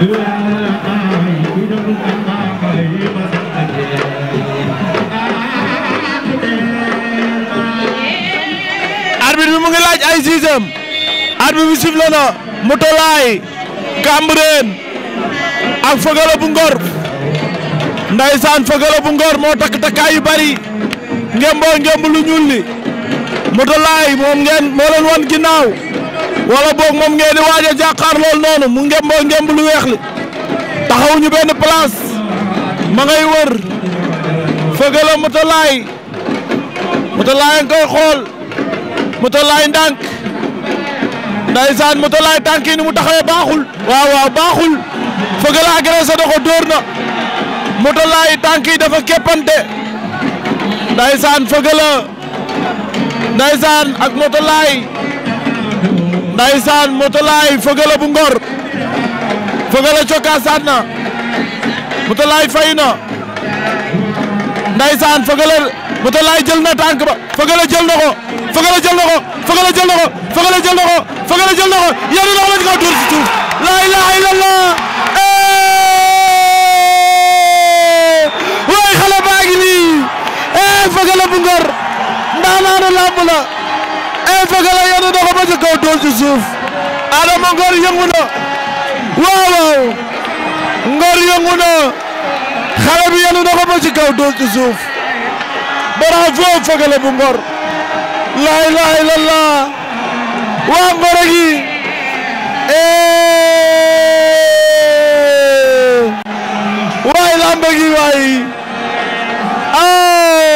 arbitre bi mu ngi laaj ay sixième arbitre bi sifflé na Motolaay Cambérène ak Feugeula Ngor ndaysaan Feugeula bu Ngor moo takk takkaay bari ngemboo ngemb lu ñuul li Motolaay moom ngeen moo wan ginnaaw wala boog moom ngeen di waaj a jàkkaar lool noonu mu ngemboo ngemb lu weex li taxawuñu benn place ma ngay wër fëgala mutalaay mutalaay koy xool mutalaay ndànk ndaysaan mutalaay tànk yi ni mu taxawee baaxul waaw waaw baaxul fëgala agressé da ko dóor na mutalaay tànk dafa keppante ndaysaan fëgala ndaysaan ak mutalaay ndaysaan Motolaay Feugeuleu bu Ngor Feugeuleu cokkaasaat na Motolaay fay na ndaysaan Feugeuleu Motolaay jël na tànk ba Feugeuleu jël na ko Feugeuleu jël na ko Feugeuleu jël na ko Feugeuleu jël na ko Feugeuleu jël na ko yéen a ngi ko dóor ci suuf la ilaha illallah eh! waay xale baa ngi nii eh, Feugeuleu bu Ngor ndaanaanu làmb la Bébé Feugeleu yenu na ko ba ci kaw dóor ci suuf Adama Ngor yëngu na waaw waaw Ngor yëngu na xale bi yenu na ko ba ci kaw dóor ci suuf bravo Feugeleu bu Ngor la ilaha illallah waa Ngor a ngi eh. waay lamba gi waay ah.